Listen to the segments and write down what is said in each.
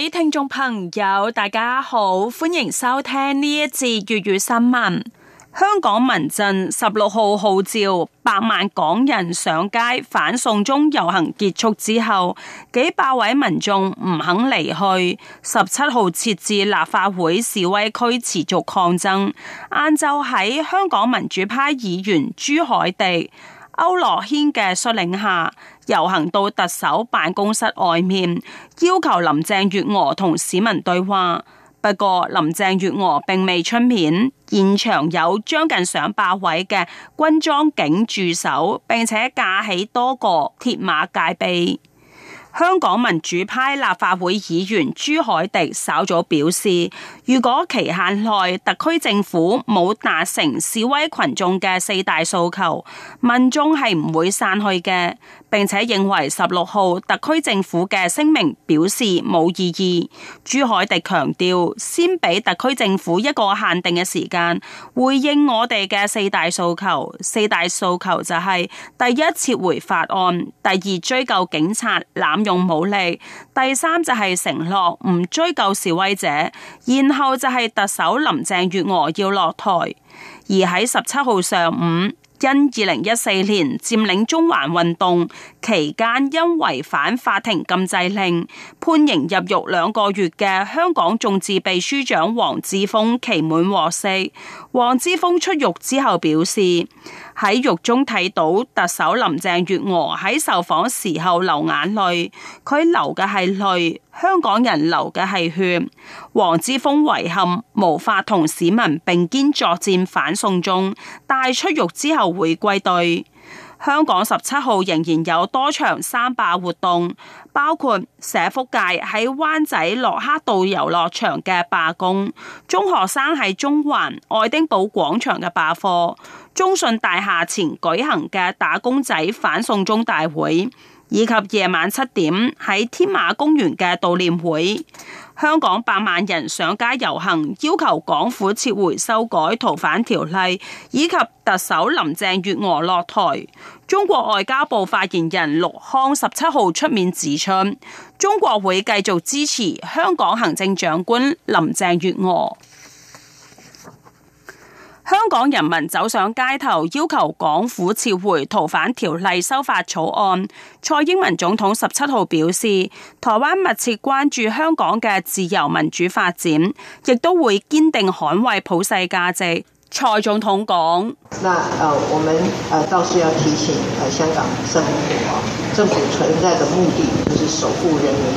各位聽眾朋友，大家好，歡迎收聽呢一節粵語新聞。香港民陣十六號號召百萬港人上街反送中遊行結束之後，幾百位民眾唔肯離去，十七號設置立法會示威區持續抗爭。晏晝喺香港民主派議員朱海地。歐羅軒嘅率領下，遊行到特首辦公室外面，要求林鄭月娥同市民對話。不過林鄭月娥並未出面，現場有將近上百位嘅軍裝警駐守、守，並且架起多個鐵馬戒備。香港民主派立法會議員朱凱迪稍早表示，如果期限內特區政府冇達成示威群眾嘅四大訴求，民眾係唔會散去嘅，並且認為十六號特區政府嘅聲明表示冇意義。朱凱迪強調，先俾特區政府一個限定嘅時間回應我哋嘅四大訴求。四大訴求就係、是、第一撤回法案，第二追究警察用武力，第三就係承諾唔追究示威者，然後就係特首林鄭月娥要落台。而喺十七號上午，因二零一四年佔領中環運動期間因違反法庭禁制令，判刑入獄兩個月嘅香港眾志秘書長黃之鋒期滿獲釋。黃之鋒出獄之後表示，喺獄中睇到特首林鄭月娥喺受訪時候流眼淚，佢流嘅係淚，香港人流嘅係血。黃之鋒遺憾無法同市民並肩作戰反送中，帶出獄之後會歸隊。香港十七號仍然有多場三罷活動。包括社福界喺灣仔洛克道遊樂場嘅罷工，中學生喺中環愛丁堡廣場嘅罷課，中信大廈前舉行嘅打工仔反送中大會，以及夜晚七點喺天馬公園嘅悼念會。香港百萬人上街遊行，要求港府撤回修改逃犯條例，以及特首林鄭月娥落台。中國外交部發言人陸慷十七號出面指出，中國會繼續支持香港行政長官林鄭月娥。香港人民走上街頭要求港府撤回逃犯條例修法草案。蔡英文總統十七號表示，台灣密切關注香港嘅自由民主發展，亦都會堅定捍衛普世價值。蔡總統講：那我們倒是要提醒，香港政府啊，政府存在的目的就是守護人民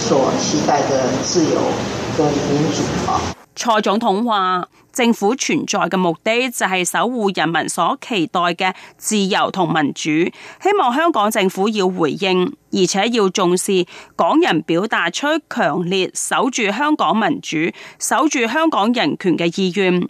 所期待的自由跟民主啊。蔡總統話：政府存在嘅目的就係守護人民所期待嘅自由同民主，希望香港政府要回應，而且要重視港人表達出強烈守住香港民主、守住香港人權嘅意願。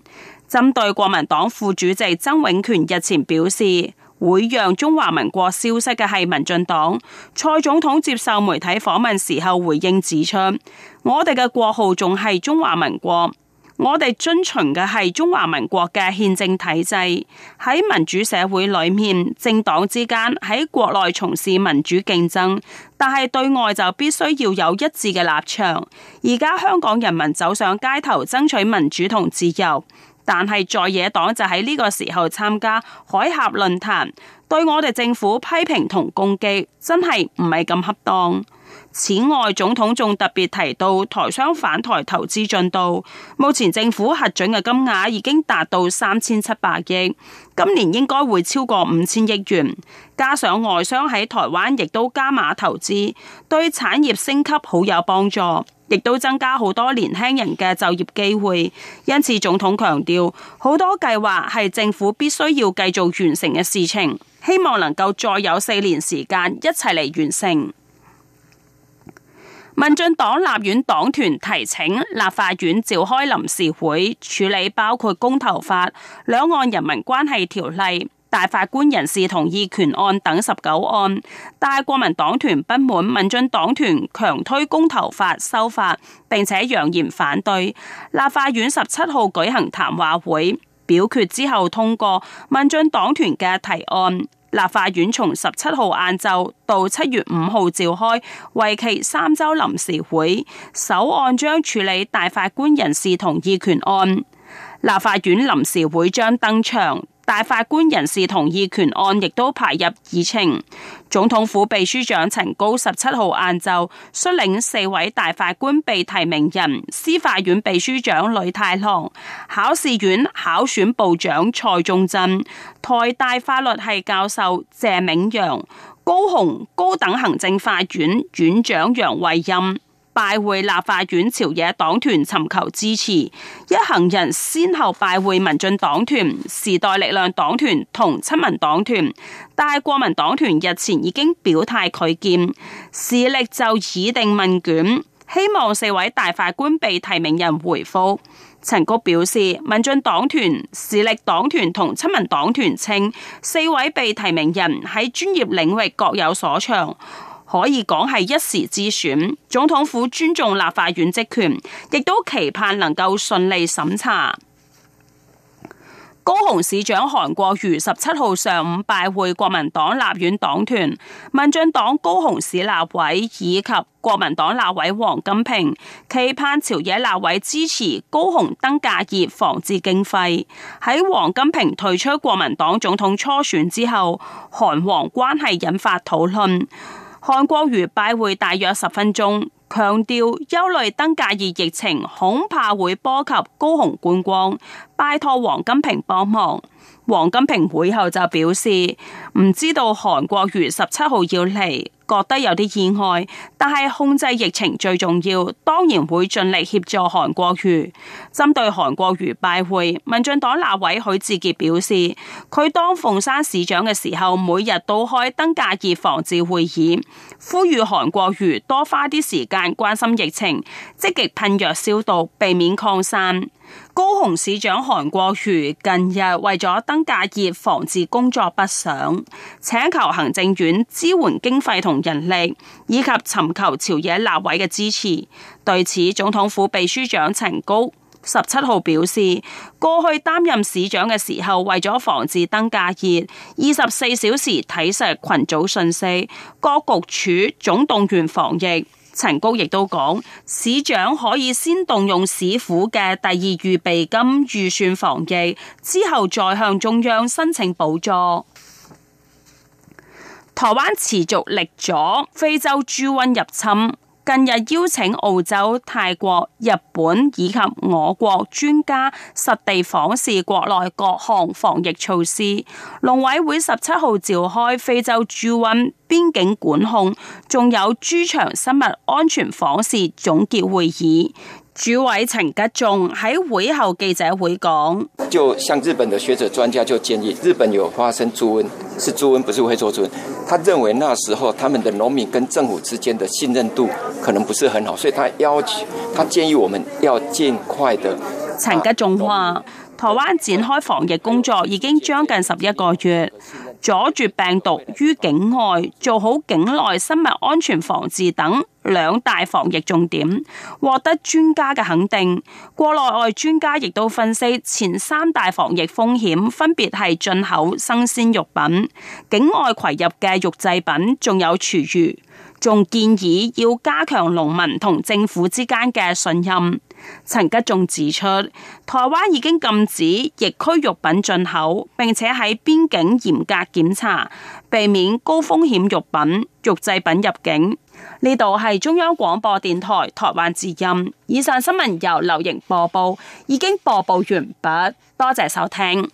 針對國民黨副主席曾永權日前表示：會讓中華民國消失嘅係民進黨。蔡總統接受媒體訪問時候回應指出，我哋嘅國號仲係中華民國，我哋遵循嘅係中華民國嘅憲政體制。喺民主社會裏面，政黨之間喺國內從事民主競爭，但係對外就必須要有一致嘅立場。而家香港人民走上街頭，爭取民主同自由。但係在野黨就喺呢個時候參加海峽論壇，對我哋政府批評同攻擊，真係唔係咁恰當。此外，總統仲特別提到台商返台投資進度，目前政府核准嘅金額已經達到三千七百億，今年應該會超過五千億元。加上外商喺台灣亦都加碼投資，對產業升級好有幫助。亦都增加好多年輕人嘅就業機會，因此總統強調，好多計劃係政府必須要繼續完成嘅事情，希望能夠再有四年時間一齊嚟完成。民進黨立院黨團提請立法院召開臨時會處理包括公投法、兩岸人民關係條例。大法官人事同意權案等十九案，大國民黨團不滿民進黨團強推公投法修法，並且揚言反對。立法院十七號舉行談話會表決之後通過民進黨團嘅提案。立法院從十七號晏晝到七月五號召開為期三週臨時會，首案將處理大法官人事同意權案。立法院臨時會將登場。大法官人事同意權案亦都排入議程。總統府秘書長陳菊十七號晏晝，率領四位大法官被提名人、司法院秘書長呂太郎、考試院考選部長蔡仲振、台大法律系教授謝銘洋、高雄高等行政法院院長楊惠欽，拜會立法院朝野黨團尋求支持，一行人先後拜會民進黨團、時代力量黨團同親民黨團，但係國民黨團日前已經表態拒見。時力就擬定問卷，希望四位大法官被提名人回覆。陳菊表示，民進黨團、時力黨團同親民黨團稱，四位被提名人喺專業領域各有所長。可以講係一時之選，總統府尊重立法院職權，亦都期盼能夠順利審查。高雄市長韓國瑜十七號上午拜會國民黨立院黨團、民進黨高雄市立委以及國民黨立委王金平，期盼朝野立委支持高雄登革熱防治經費。喺王金平退出國民黨總統初選之後，韓王關係引發討論。韓國瑜拜會大約十分鐘，強調憂慮登革熱疫情恐怕會波及高雄觀光，拜託王金平幫忙。王金平會後就表示，唔知道韓國瑜十七號要嚟。覺得有啲意外，但係控制疫情最重要，當然會盡力協助韓國瑜。針對韓國瑜拜會，民進黨立委許智傑表示，佢當鳳山市長嘅時候，每日都開登革熱防治會議，呼籲韓國瑜多花啲時間關心疫情，積極噴藥消毒，避免擴散。高雄市長韓國瑜近日為咗登革熱防治工作北上，請求行政院支援經費同人力，以及尋求朝野立委嘅支持。對此，總統府秘書長陳菊十七號表示，過去擔任市長嘅時候為，為咗防治登革熱，二十四小時睇實群組信息，各局處總動員防疫。陳菊亦都講，市長可以先動用市府嘅第二預備金預算防疫，之後再向中央申請補助。台灣持續力阻非洲豬瘟入侵。近日邀請澳洲、泰國、日本以及我國專家實地訪視國內各項防疫措施。農委會十七號召開非洲豬瘟邊境管控，仲有豬場生物安全訪視總結會議。主委陳吉仲喺會後記者會講：，就向日本嘅學者專家就建議，日本有發生豬瘟，是豬瘟，不是非洲豬瘟。他認為那時候他們的農民跟政府之間的信任度可能不是很好，所以他要求，他建議我們要盡快的。陳吉仲話：，台灣展開防疫工作已經將近十一個月。阻絕病毒於境外，做好境內生物安全防治等兩大防疫重點，獲得專家嘅肯定。國內外專家亦都分析前三大防疫風險分別係進口生鮮肉品、境外攜入嘅肉製品，仲有廚餘。仲建議要加強農民同政府之間嘅信任。陳吉仲指出，台灣已經禁止疫區肉品進口，並且喺邊境嚴格檢查，避免高風險肉品、肉製品入境。呢度係中央廣播電台台灣之音。以上新聞由劉瑩播報，已經播報完畢，多謝收聽。